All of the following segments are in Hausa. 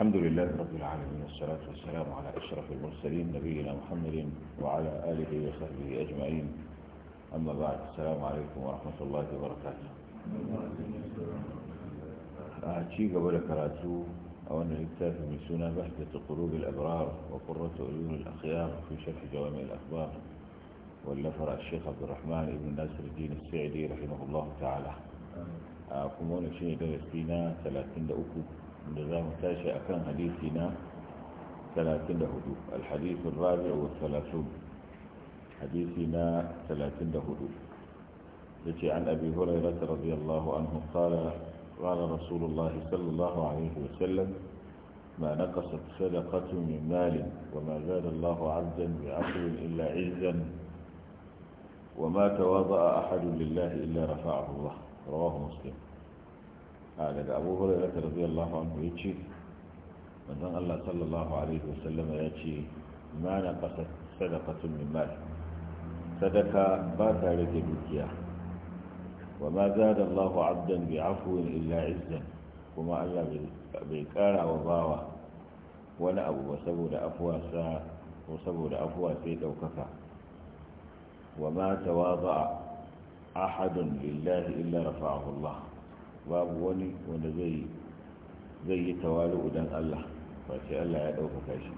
الحمد لله رب العالمين والصلاة والسلام على أشرف المرسلين نبينا محمد وعلى آله وصحبه أجمعين أما بعد السلام عليكم ورحمة الله وبركاته أعطي قبل كراتو أو أن الكتاب من سنة بحثة قلوب الأبرار وقرة عيون الأخيار في شرح جوامع الأخبار واللفر الشيخ عبد الرحمن بن ناصر الدين السعدي رحمه الله تعالى أقومون آه، شيء دوستينا ثلاثين 33 da za mu tashi a kan hadisi na 34 alhadisun rabi'a wa salasun hadisi na 34 ya ce an abi hurairata radiyallahu anhu qala qala rasulullah sallallahu alaihi wasallam min نقصت wa ma zada allahu زاد bi عبدا illa إلا wa ma تواضأ ahadun lillahi illa rafa'ahu allah rawahu muslim a daga abu hurairah radiyallahu anhu yace manzon Allah sallallahu alaihi wasallam ya ce ma na qasat sadaqatun min sadaka ba ta rage dukiya wa ma da zada Allahu 'abdan bi 'afwin illa 'izzan kuma Allah bai kara wa bawa wani abu ba saboda afuwa sa ko saboda afuwa sai daukaka wa ma tawadha'a ahadun lillahi illa rafa'ahu Allah babu wani wanda zai zai yi tawali dan Allah face Allah ya ɗaukaka shi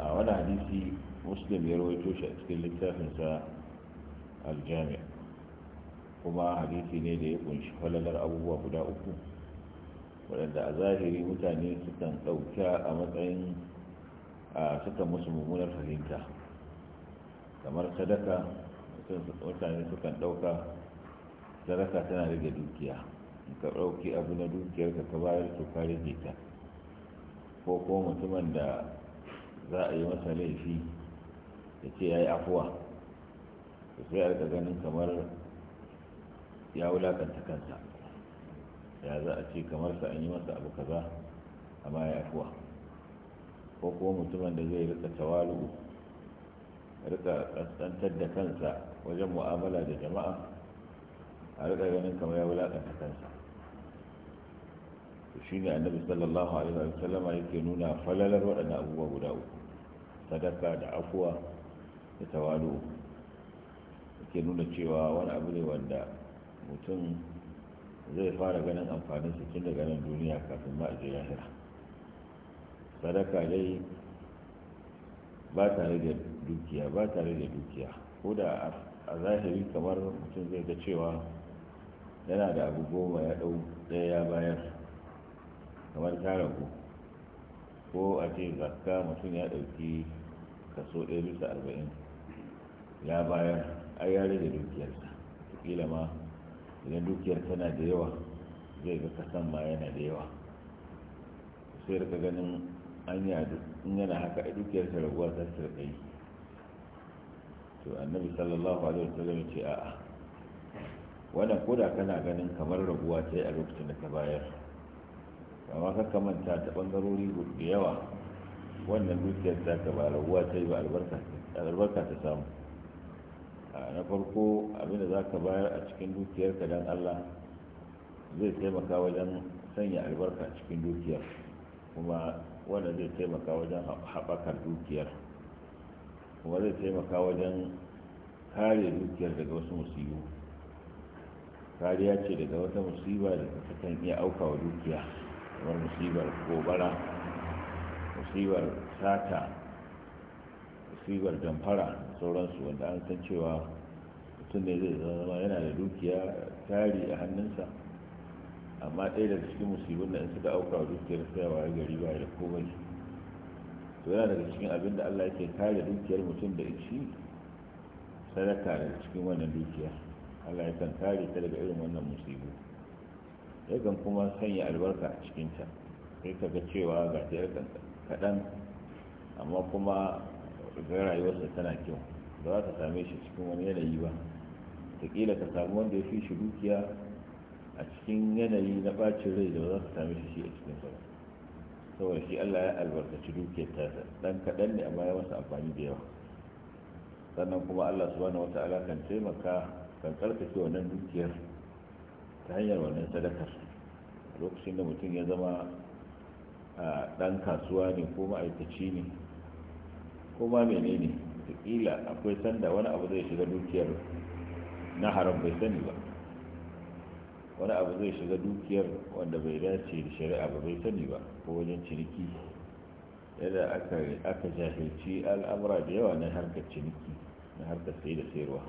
a wani hadisi muslim ya rawaito shi a cikin littafinsa aljami kuma hadisi ne da ya kunshi falalar abubuwa guda uku waɗanda a zahiri mutane sukan ɗauka a matsayin a suka musu mummunar fahimta kamar sadaka mutane sukan ɗauka sadaka tana rage dukiya in ka ɗauki abu na dukiyar ka bayar to ka rage ta ko ko mutumin da za a yi masa laifi ya ce ya yi afuwa to sai a ganin kamar ya wulakanta kansa ya za a ce kamar sa an yi masa abu kaza amma ya afuwa ko kuma mutumin da zai rika tawalu rika kaskantar da kansa wajen mu'amala da jama'a a rika ganin kamar ya wulaƙanta kansa shi ne annabi sallallahu alaihi wa sallama yake nuna falalar waɗannan abubuwa guda uku sadaka da afuwa da tawalu yake nuna cewa wani abu ne wanda mutum zai fara ganin amfanin su tun daga nan duniya kafin ma a je lahira sadaka dai ba tare da dukiya ba tare da dukiya ko da a zahiri kamar mutum zai ga cewa yana da abu goma ya ɗau ɗaya ya bayar kamar ta ragu ko a ce zakka mutum ya ɗauki kaso ɗaya bisa arba'in ya bayar ai ya rage dukiyarsa kila ma idan dukiyar tana da yawa zai ga kasan ma yana da yawa sai rika ganin an adu in yana haka a dukiyar ta raguwa ta sirkai to annabi sallallahu alaihi wasallam ce a'a wannan koda kana ganin kamar rabuwa ce a lokacin da ta bayar amma ka kamanta ta bangarori da yawa wannan dukiyar ta ka ba rabuwa ce ba albarka ta samu na farko abinda za ka bayar a cikin dukiyar ka don allah zai taimaka wajen sanya albarka a cikin dukiyar kuma wannan zai taimaka wajen haɓakar dukiyar kuma zai taimaka wajen kare dukiyar daga wasu musibu kariya ce daga wata musiba da ta kan iya auka wa dukiya kamar musibar gobara musibar sata musibar damfara sauransu wanda an san cewa mutum ne zai zama yana da dukiya tari a hannunsa amma ɗaya daga cikin musibin da in suka auka wa dukiyar tsayawa ya gari ba da komai to yana daga cikin abin da allah yake kare dukiyar mutum da shi sadaka daga cikin wannan dukiyar Allah ya kan kare ta daga irin wannan musibu yakan kuma sanya albarka a cikinta sai ka ga cewa ga ta yakan kaɗan amma kuma ga rayuwarsa tana kyau ba za ka same shi cikin wani yanayi ba taƙila ka samu wanda ya fi shi dukiya a cikin yanayi na ɓacin rai da ba za ka same shi shi a cikin sa saboda shi Allah ya albarkaci dukiyar ta. Ɗan kaɗan ne amma ya masa amfani da yawa sannan kuma Allah subhanahu wata'ala kan taimaka kan karkace wannan dukiyar ta hanyar wannan sadakar lokacin da mutum ya zama a dan kasuwa ne ko ma'aikaci ne ko ma ne kila akwai sanda wani abu zai shiga dukiyar na haram bai sani ba wani abu zai shiga dukiyar wanda bai dace da shari'a ba bai sani ba ko wajen ciniki yadda aka jahilci al'amura da yawa na harkar ciniki na harkar sai da sayarwa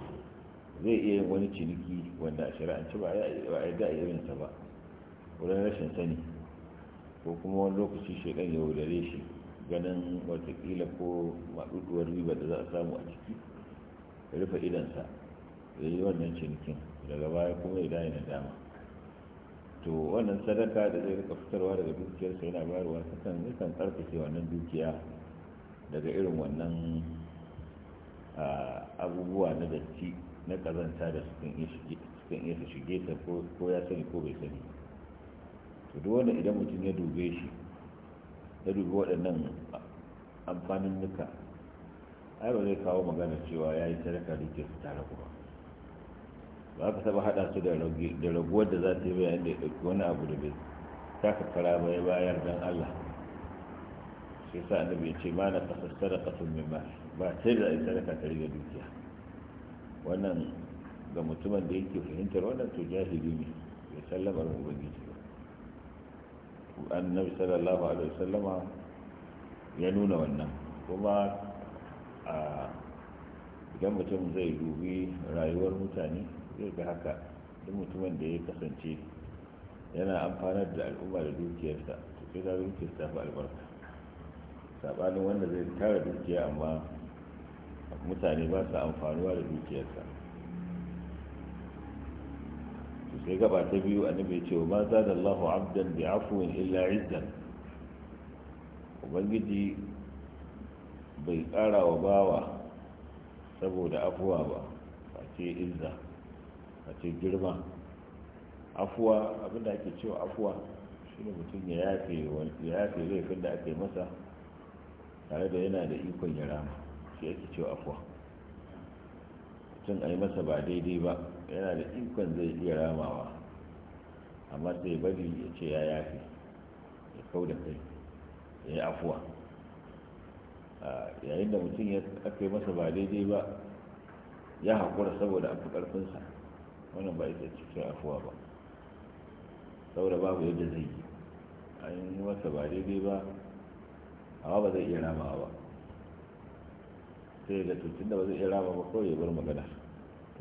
zai iya yin wani ciniki wanda a shari'anci ba a yi da irinsa ba wurin rashin sani ko kuma wani lokaci shaidan ya wudare shi ganin watakila ko maɗuɗuwar riba da za a samu a ciki rufe idansa ya yi wannan cinikin daga baya kuma ya dai na dama to wannan sadaka da zai rika fitarwa daga dukiyarsa yana bayarwa takan yakan tsarkake wannan dukiya daga irin wannan abubuwa na datti na kazanta da sukan iya su shige ta ko ya sani ko bai sani to duk wanda idan mutum ya dube shi ya dubi waɗannan amfanin nuka ai ba zai kawo magana cewa ya yi sadaka dukiyarsa tare kuma ba ka saba hada su da raguwar da za ta yi bayan da ya ɗauki wani abu da bai taka kara bai bayar don Allah sai sa da ya ce ma na kasar sadaqatun mai mal ba sai da sadaka tare da dukiya wannan ga mutumin da yake fahimtar wannan to jahili ne ya sallama ga ubangiji ba annabi sallallahu alaihi wasallama ya nuna wannan kuma a idan mutum zai dubi rayuwar mutane zai ga haka duk mutumin da ya kasance yana amfanar da al'umma da dukiyarsa to sai ga dukiyar ta fi albarka sabanin wanda zai tara dukiya amma mutane ba su amfanuwa da dukiyarsa to sai gaba ta biyu annabi ya ce ma da Allahu abdan bi afuwin illa izzan ubangiji bai kara wa bawa saboda afuwa ba ce izza a ce girma afuwa abinda ake cewa afuwa shi ne mutum ya yafe laifin da ake masa tare da yana da ikon ya rama shi ake cewa afuwa mutum a yi masa ba daidai ba yana da ikon zai iya ramawa amma sai bari ya ce ya yafe ya kau da kai ya yi afuwa yayin da mutum ya aka yi masa ba daidai ba ya haƙura saboda abu ƙarfinsa wannan ba ita cikin afuwa ba saboda babu yadda zai yi a yi masa ba daidai ba amma ba zai iya ramawa ba sai ga tutun da ba zai iya rama ba kawai ya bar magana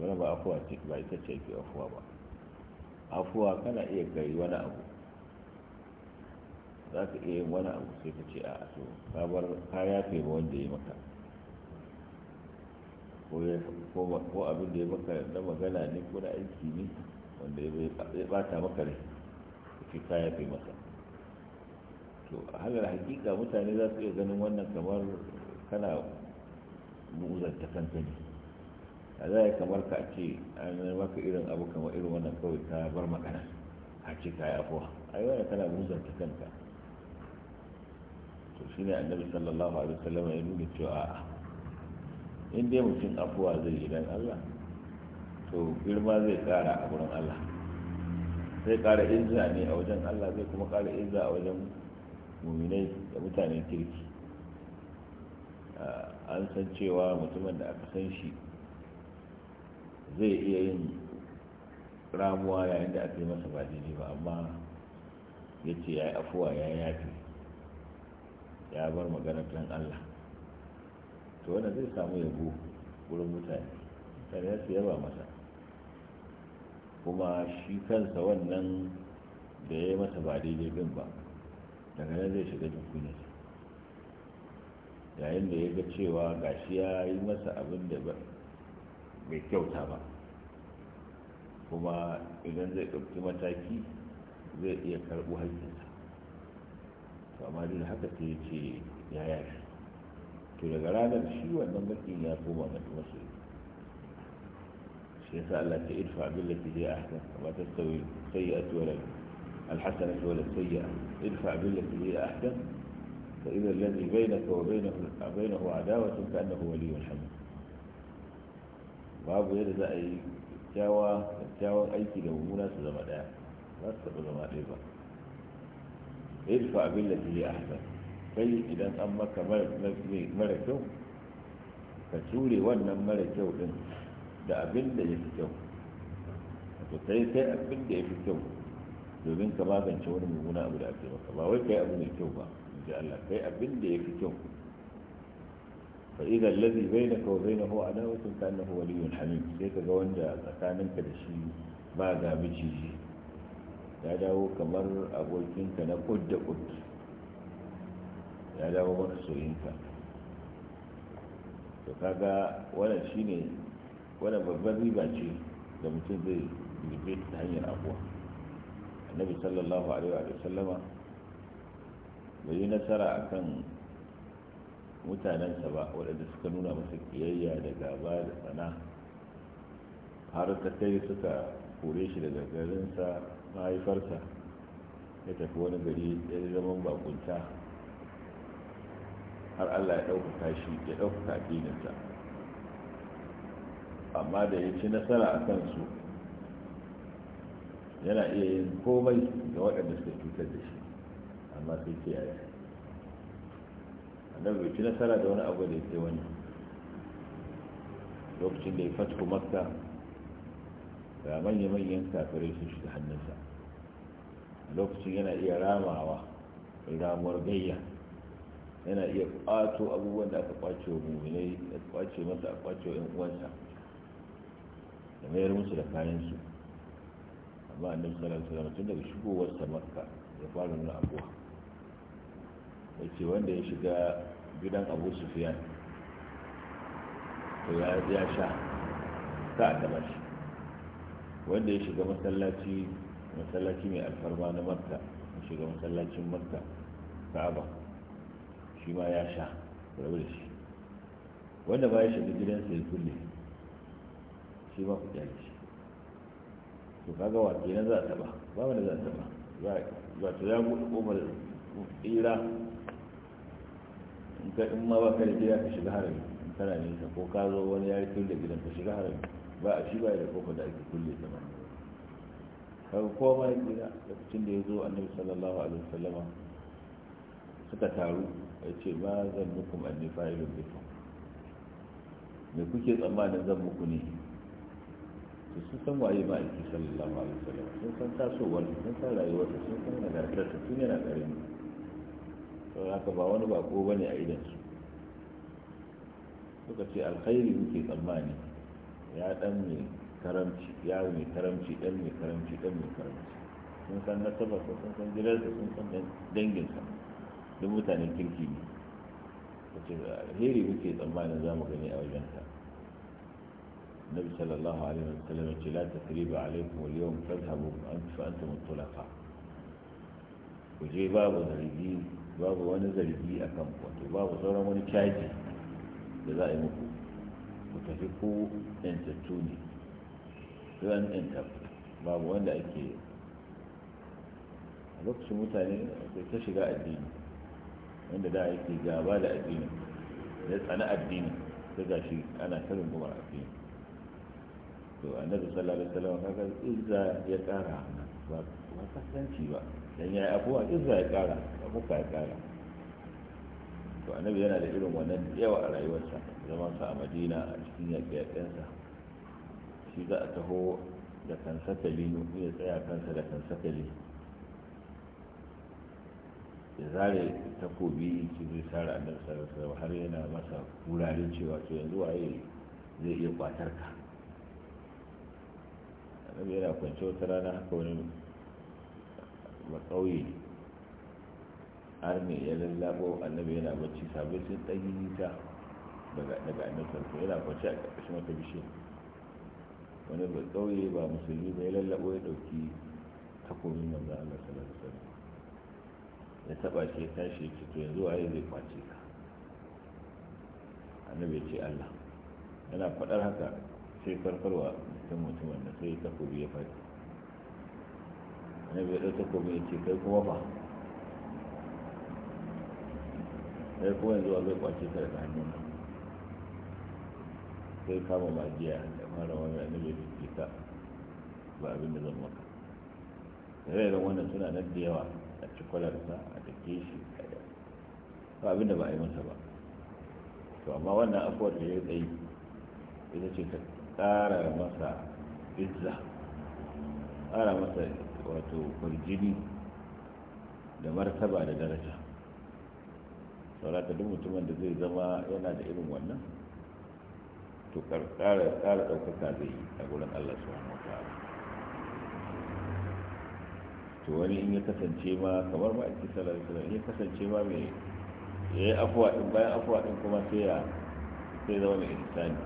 wannan ba afuwa ce ba ita ce ke afuwa ba afuwa kana iya gari wani abu za ka iya yin wani abu sai ka ce a asu ka bar ka yafe ba wanda ya maka ko abin da ya baka da magana ne ko da aiki ne wanda ya bata maka ne ke kaya fi maka to halar hakika mutane za su iya ganin wannan kamar kana muzanta kanka ne a za ya kamar ka ce an maka irin abu kamar irin wannan kawai ta bar magana a ce kaya afuwa yi wani kana ta kanta to ne annabi sallallahu alaihi wasallam ya nuna cewa a'a in dai mutum afuwa zai yi don Allah to girma zai kara a wurin Allah zai kara izza ne a wajen Allah zai kuma kara izza a wajen muminai da mutane kirki an san cewa mutumin da aka san shi zai iya yin ramuwa yayin da aka yi masa ba daidai ba amma ya ce ya yi afuwa ya yafi ya bar maganar don Allah to wannan zai samu yabo wurin mutane mutane ya su yaba masa kuma shi kansa wannan da ya yi masa ba daidai din ba daga nan zai shiga jikunan yayin da ya ga cewa gashi ya yi masa abin da bai kyauta ba kuma idan zai ɗauki mataki zai iya karɓi haƙƙinsa to amma duk haka sai ya ce ya yashi تولى قرادة بشيوة نمكي يا قوة نتوصل الشيخ قال لك ادفع بالتي هي أحسن وتستوي السيئة ولا الحسنة ولا السيئة ادفع بالتي هي أحسن فإذا الذي بينك وبينه بينه عداوة كأنه ولي الحمد باب يرزا أي كاوة كاوة أي كده ومولا سزمان بس سزمان إيبا ادفع بالتي هي أحسن kai idan an maka mara kyau ka ture wannan mara kyau din da abin da ya fi kyau to kai sai abin da ya fi kyau domin ka magance wani mummuna abu da ake maka ba wai kai abu mai kyau ba inji Allah kai abin da ya fi kyau fa idza alladhi bainaka wa bainahu adawatun ka annahu waliyyun hamim sai ka ga wanda tsakaninka da shi ba ga miciji ya dawo kamar abokinka na kudda kudda ya dawo wani soyinka to kaga shi ne wani babban riba ce da mutum zai rufe ta hanyar abuwa annabi sallallahu alaihi wa sallama bai yi nasara a kan mutanensa ba waɗanda suka nuna masa kiyayya da gaba da tsana har ta kai suka kore shi daga garinsa mahaifarsa ya tafi wani gari ya zaman bakunta har Allah ya ɗaukaka shi ya ɗaukaka addininsa amma da ya ci nasara a kansu yana iya yin komai ga waɗanda suka cutar da shi amma sai ke yaya annan bai ci nasara da wani abu da ya kai wani lokacin da ya fasku makka ga manya-manyan kafirai sun shiga hannunsa lokacin yana iya ramawa ramuwar gayya yana iya kwato abubuwan da aka kwace wa mummunai da kwace mata a kwace wa 'yan uwansa da mayar musu da kayansu amma annabi sallallahu alaihi wasallam tun daga shigowar samarka makka ya fara nuna abuwa yace wanda ya shiga gidan abu sufiyan to ya ya sha ta a shi wanda ya shiga masallaci masallaci mai alfarma na makka ya shiga masallacin ta ka'aba shi ma ya sha rabu da shi wanda ba ya shiga gidan ya kulle shi ba ku kyale shi to kaga wa kenan za a taba ba wanda za a taba za ta ya buɗe ƙofar tsira in ka in ma ba ka da gida ka shiga harami in kana nesa ko ka zo wani ya yi kulle gidan ka shiga harami ba a shi ba da ƙofar da ake kulle ta ba kaga kowa ma ya tsira lokacin da ya zo annabi sallallahu alaihi wasallama suka taru ya ce ma zan muku manni fa'ilun bikum me kuke tsammanin zan muku ne su sun san waye ba aiki sallallahu alaihi wasallam sun san tasowar sun san rayuwar sun san nagartar sun yana karami to haka ba wani bako bane a idan su suka ce alkhairi muke tsammani ya dan mai karamci ya mai karamci dan mai karamci dan mai karamci sun san tabbata sun san gidansa sun san danginsa duk mutanen kirki ne wace alheri muke tsammanin za mu gani a wajenta nabi sallallahu alaihi wa sallam ya ce la tasriba alaikum al yawm fadhhabu an fa antum tulaqa ku je babu zargi babu wani zargi a kan wato babu sauran wani caji da za a yi muku ku tafi ku yantattu ne ran ɗinta babu wanda ake a lokacin mutane ta shiga addini wanda da yake gaba da addini ya tsana addini ta gashi ana ta kuma addini to annabi sallallahu alaihi wasallam kaga izza ya kara ba ba kasance ba dan yayi abuwa izza ya kara abuka ya kara to annabi yana da irin wannan yawa a rayuwarsa zaman sa a madina a cikin yaƙe-yaƙensa shi za a taho da kansakali ya tsaya kansa da kansakali ya zare takobi ki zai a annabi sallallahu har yana masa wuraren cewa to yanzu waye zai iya kwatar ka annabi yana kwance wata rana haka wani makauye arni ya lallabo annabi yana bacci sabbin sun ɗanyi nisa daga annabi sallallahu yana kwance a ƙarƙashin wata bishe wani ba ba musulmi ba ya lallabo ya ɗauki takobin manzo Allah sallallahu alaihi wasallam ya taba shi ya tashi ya to yanzu waye zai kwace ka annabi ya ce Allah yana faɗar haka sai farfarwa mutum mutumin da sai takobi ya fadi annabi ya ɗau takobi ya ce kai kuma fa sai kuma yanzu zai kwace ka daga hannun nan sai kama magiya da fara wani annabi ya ce ka ba abin da zan maka da rairan wannan suna nan da yawa ci kwalarsa a dake shi ba abin da ba a yi masa ba to amma wannan afuwar da ya tsayi ita ce ta tsara masa izza tsara masa wato kurjini da martaba da daraja ta duk mutumin da zai zama yana da irin wannan to ƙara ɗaukaka zai yi a wurin allah su wani wata to wani in ya kasance ma kamar ba ake sallallahu alaihi ya kasance ma mai ya yi afuwaɗin? bayan afuwaɗin kuma sai ya sai zama mai ihsani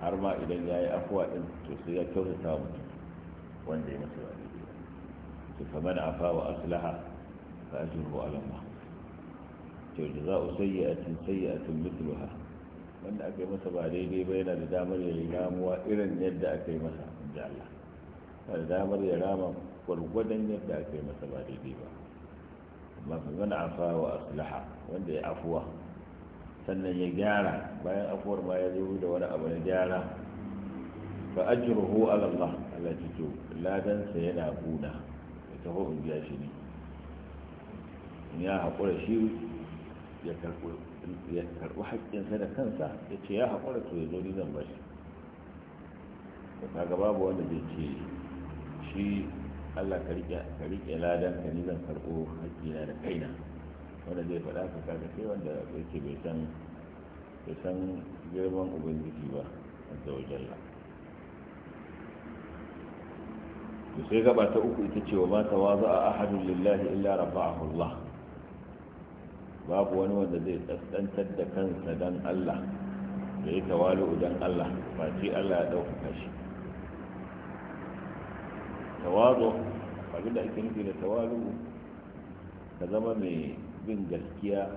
har ma idan ya yi afuwaɗin to sai ya kyautata mutum wanda ya masa ba daidai to kamar afa wa aslaha fa ajruhu ala Allah to da za a jaza'u sayyi'atin sayyi'atun mithluha wanda aka yi masa ba daidai ba yana da damar ya yi ramuwa irin yadda aka yi masa inda Allah da damar ya rama gwargwadon yadda aka yi masa ba daidai ba amma ka gana afa wa aslaha wanda ya afuwa sannan ya gyara bayan afuwar ma ya zo da wani abu na gyara fa ajruhu ala Allah Allah ji to ladan sa yana buna ya tafi in biya shi ne in ya hakura shi ya karbi ya karbi haƙƙin sa da kansa ya ce ya hakura to ya zo ni zan bashi to kaga babu wanda zai ce Allah ka riƙe ladan ka ni zan karɓo haƙƙina da kaina wanda zai faɗa ka kaga sai wanda yake bai san bai san girman ubangiji ba da wa jalla to sai gaba ta uku ita ce wa ma a ahadu lillahi illa rafa'ahu Allah babu wani wanda zai tsantsantar da kansa dan Allah da ya tawalu dan Allah face Allah ya ɗaukaka shi tawazu abin da ake nufi da tawazu ka zama mai bin gaskiya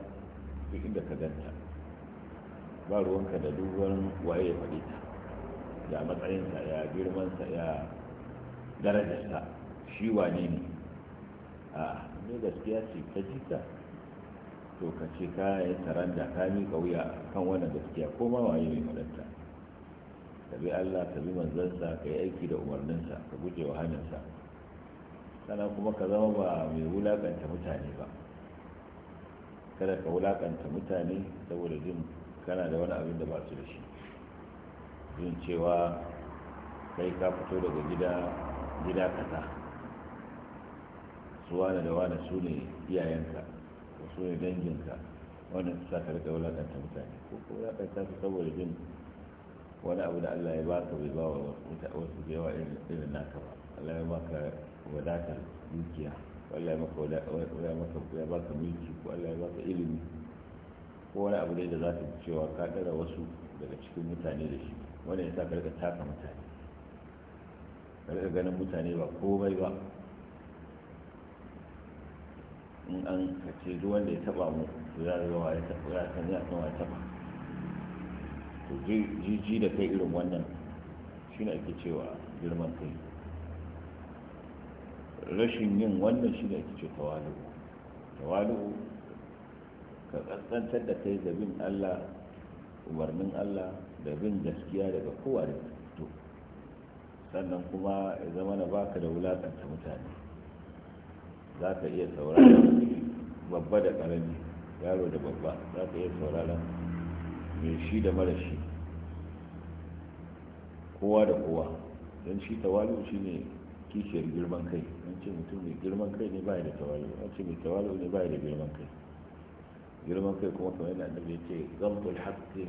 duk inda ka ganta ba ruwanka da dubban waye ya faɗi ta ya matsayinsa ya girmansa ya darajarsa shi wane ne a ne gaskiya ce ta jika to ka ce ka yi taranda ka mika wuya kan wannan gaskiya ko ma waye mai faɗanta ka bi Allah ka bi manzansa ka yi aiki da umarninsa ka guje wa hannunsa sannan kuma ka zama ba mai wulaƙanta mutane ba kada ka wulaƙanta mutane saboda jin kana da wani abin da ba su da shi jin cewa kai ka fito daga gida gida kaza su wane da wane su ne iyayenka ko su ne danginka wannan sa ka rika wulaƙanta mutane ko wulaƙanta su saboda jin wani abu da Allah ya baka bai ba wasu da yawa irin naka ba Allah ya baka wadatar dukiya Allah ya maka ya baka mulki ko Allah ya baka ilimi ko wani abu dai da za ka cewa ka dara wasu daga cikin mutane da shi wanda ya sa ka taka mutane ka ganin mutane ba komai ba in an kace duk wanda ya taba mu to ya ga wa ya taba ya taba jiji da kai irin wannan shi ne ake cewa girman kai rashin yin wannan shi ne ake ce tawalu tawalu ka tsantsantar da kai da bin allah umarnin allah da bin gaskiya daga kowa da to sannan kuma ya zama na baka da wulakanta mutane za ka iya sauraron babba da ƙarami yaro da babba za ka iya sauraron mai shi da mara shi kowa da kowa don shi tawali shi ne kishiyar girman kai don ce mutum mai girman kai ne baya da tawali don ce mai tawali ne baya da girman kai girman kai kuma kamar yana da ya ce gamtul haqqi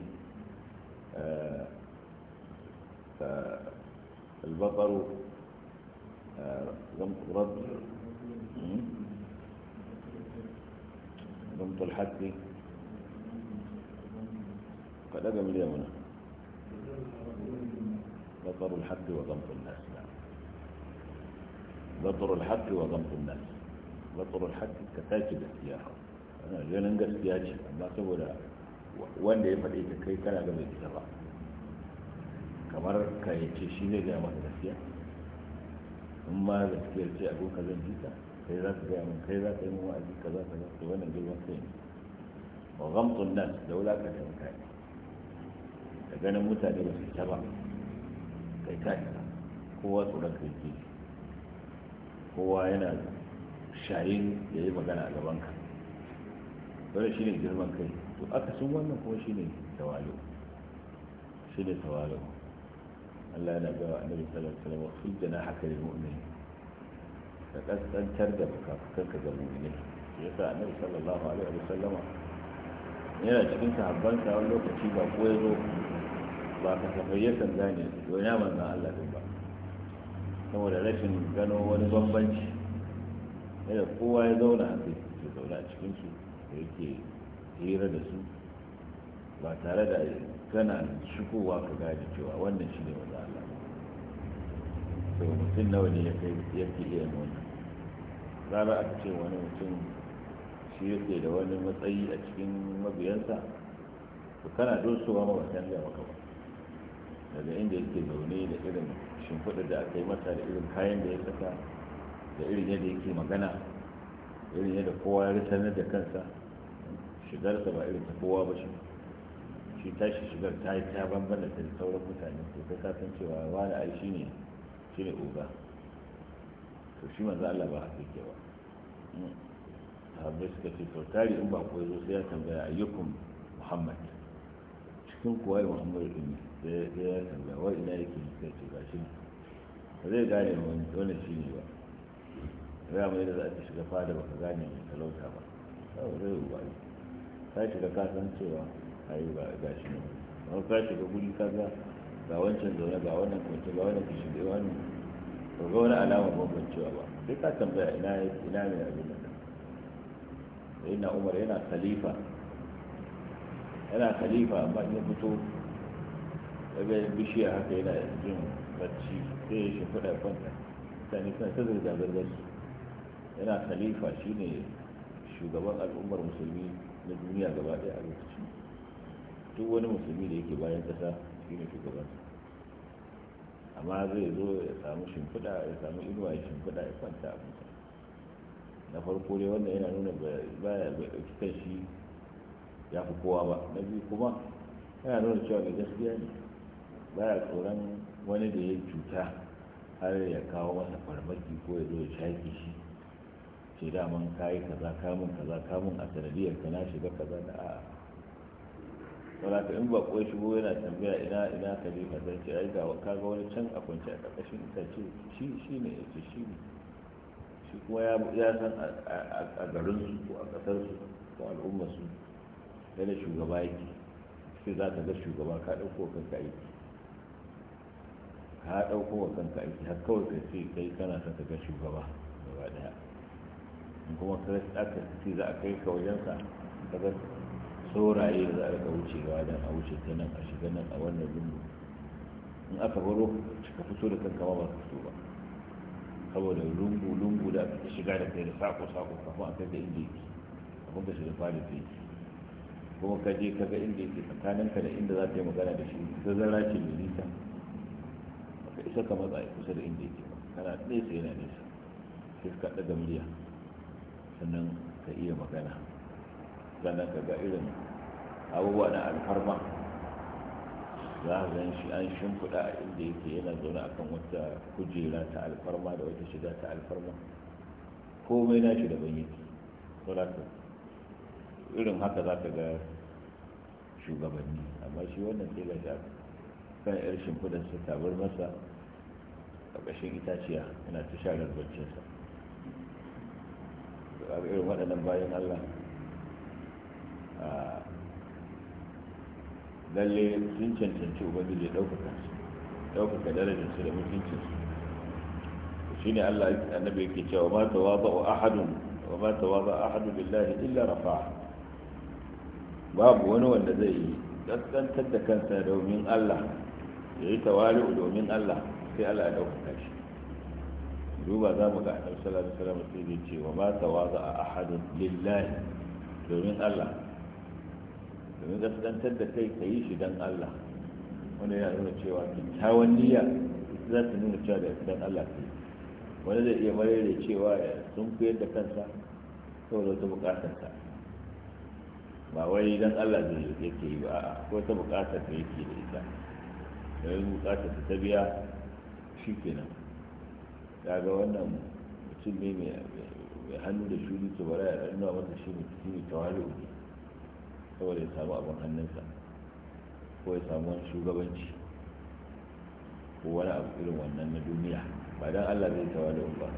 البطر رد غمط kaɗa ga miliyan wani بطر الحد وضمط الناس بطر الحد وضمط الناس بطر الحد كتاجب السياحة أنا جانا نقل السياحة ما سولا وين دي فريقة كي كان أقل الإسراء كمار كان يتشيشين يجي أمان السياحة ثم أذكر شيء أقول كذا جيتا كذا تبيع من كذا تبيع من كذا كذا كذا وين نقل وقتين وغمط الناس دولة كتاجب كتاجب كتاجب كتاجب كتاجب كتاجب كتاجب كتاجب كتاجب كتاجب كتاجب كتاجب kai ka isa kowa tsoron kai ke kowa yana shayin ya yi magana a gaban ka shi shine girman kai to aka sun wannan kuma shine tawalo ne tawalo Allah yana gawa a sallallahu alaihi wasallam wa jana haka da mu'min ka kaskantar da bukafukanka ga mu'minai yasa annabi sallallahu alaihi wasallama yana cikin sahabbansa wani lokaci ba ko ya zo ba ka yakan kan gane to ya na Allah din ba saboda rashin gano wani bambanci yadda kowa ya zauna haka su zauna cikin su da yake hira da su ba tare da kana shigowa ka gane cewa wannan shi ne wanda Allah to mutum nawa ne ke iya nuna rara aka ce wani mutum shi yake da wani matsayi a cikin mabiyansa to kana dosowa ma ba canza maka ba daga inda yake zaune da irin shimfiɗa da aka yi mata da irin kayan da ya saka da irin yadda yake magana irin yadda kowa ya ritanar da kansa shigarsa ba irin ta kowa ba shi shi tashi shigar ta yi ta bambam da sauran mutane to ta san cewa wani ai shi ne shi ne oga to shi manzo Allah ba haka yake ba sahabbai suka ce to tari in ba ko yazo sai ya tambaya ayyukum muhammad sun kuwa yi muhammadu ɗin da ya tambaya wa ina yake suka ce ba shi ba zai gane wani shi ne ba ya mai da za ta shiga fada ba ka gane mai talauta ba kawai zai yi ne ka shiga kasan cewa a yi ga shi ne ba ta shiga guri kaza ga wancan zaune ga wannan kwanci ga wannan kishi da wani ba ga wani alama bambancewa ba sai ka tambaya ina ina mai abin da ina umar yana khalifa yana khalifa amma ya fito daga bishiya haka yana jin bacci sai ya shi kwanta sani suna ta zirga-zirgar su yana khalifa shine shugaban al'ummar musulmi na duniya gaba ɗaya a lokaci duk wani musulmi da yake bayan ƙasa shine shugabansa amma zai zo ya samu shimfiɗa ya samu inuwa ya shimfiɗa ya kwanta a mutum na farko dai wannan yana nuna ba ya ɗauki kan shi ya fi kowa ba na biyu kuma yana nuna cewa da gaskiya ne ba ya tsoron wani da ya cuta har ya kawo masa farmaki ko ya zo ya shaƙi shi ce daman kayi kaza kamun kaza kamun a sanadiyar ka na shiga kaza da a'a wala ka in ba ko shigo yana tambaya ina ina ka je ka dace ai ga ga wani can a kwance a ƙarƙashin itace shi shi ne yace shi ne shi kuma ya san a garin su ko a ƙasar su ko al'ummar su yana da shugaba yake sai za ka ga shugaba ka ɗauko kanka aiki ka ɗauko wa kanka aiki har kawai ka ce kai kana son ka ga shugaba gaba ɗaya kuma ka aka ce za a kai ka wajensa ka ga sauraye za a rika wucewa don a wuce ta nan a shiga nan a wannan lungu in aka baro ka fito da kanka ma ba ka fito ba saboda lungu lungu da aka shiga da kai da sako sako kafin a kai da inda yake kafin ka shiga fadin da yake kuma ka je ka ga inda yake tsakanin ka da inda za ta yi magana da shi zara ce mai nisa ka isa ka matsa a kusa da inda yake ba kana nesa yana nesa sai ka ɗaga murya sannan ka iya magana sannan ka ga irin abubuwa na alfarma za a gan shi an shimfiɗa a inda yake yana zaune a kan wata kujera ta alfarma da wata shiga ta alfarma komai na shi daban yake irin haka za ka ga shugabanni amma shi wannan sai ga shafi kan yar shimfidarsa tabar masa a ƙashin itaciya yana ta shagar baccinsa da irin waɗannan bayan allah a lalle sun cancanci ubangiji ɗaukaka su ɗaukaka darajarsu da mutuncinsu shi ne allah annabi yake cewa ma tawaba ahadun wa ma tawaba ahadu billahi illa rafa'a babu wani wanda zai yi kaskantar da kansa domin Allah ya yi tawari'u domin Allah sai Allah ya ɗaukaka shi duba za mu ga annabi sallallahu alaihi wasallam sai ya ce wa ma tawaza a ahadun lillahi domin Allah domin kaskantar da kai ka yi shi don Allah wanda ya nuna cewa kyakkyawan niyya za ta nuna cewa da don Allah yi. wani zai iya marere cewa ya sun fiye da kansa saboda wata bukatarsa ba wai dan Allah zai yake yi ba a'a ko ta bukatar da yake da ita yayin bukatar ta ta biya kenan daga wannan mutum ne mai hannu da shuri to bara ya nuna masa shi mutum ne tawali'u saboda ya samu abin hannunsa ko ya samu wani shugabanci ko wani abu irin wannan na duniya ba dan Allah zai tawali'u ba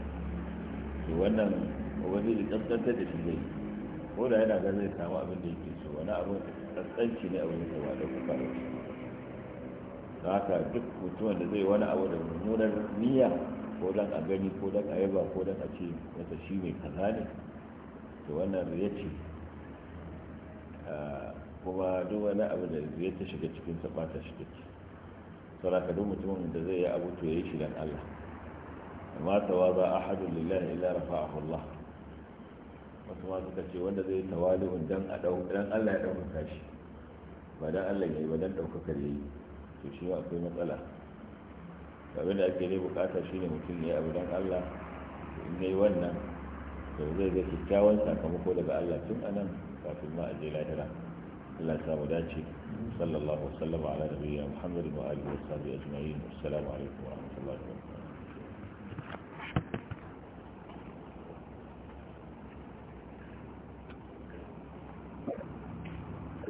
to wannan wani da kaskantar da shi zai yi ko da yana ganin zai samu abin da yake so wani abu tsantsanci ne a wani da da kuka da su da haka duk mutumin da zai wani abu da mummunar niyya ko dan a gani ko dan a yaba ko dan a ce wata shi mai kaza ne to wannan riya ce ah, kuma duk wani abu da riya ta shiga cikin sa bata shiga ciki saboda duk mutumin da zai yi abu to ya yi shi dan Allah amma tawaza ahadun lillahi illa rafa'ahu Allah wasu ma suka ce wanda zai tawali'un dan a dan Allah ya ɗaukaka shi ba dan Allah ya yi ba dan ɗaukakar ya yi to shi akwai matsala abin da ake ne bukata shine mutum ya abu dan Allah in yi wannan to zai ga kyakkyawan sakamako daga Allah tun anan kafin ma a je lahira Allah ya mu dace sallallahu alaihi wa sallam ala nabiyina Muhammadin wa alihi wa sahbihi ajma'in assalamu alaikum wa rahmatullahi wa barakatuh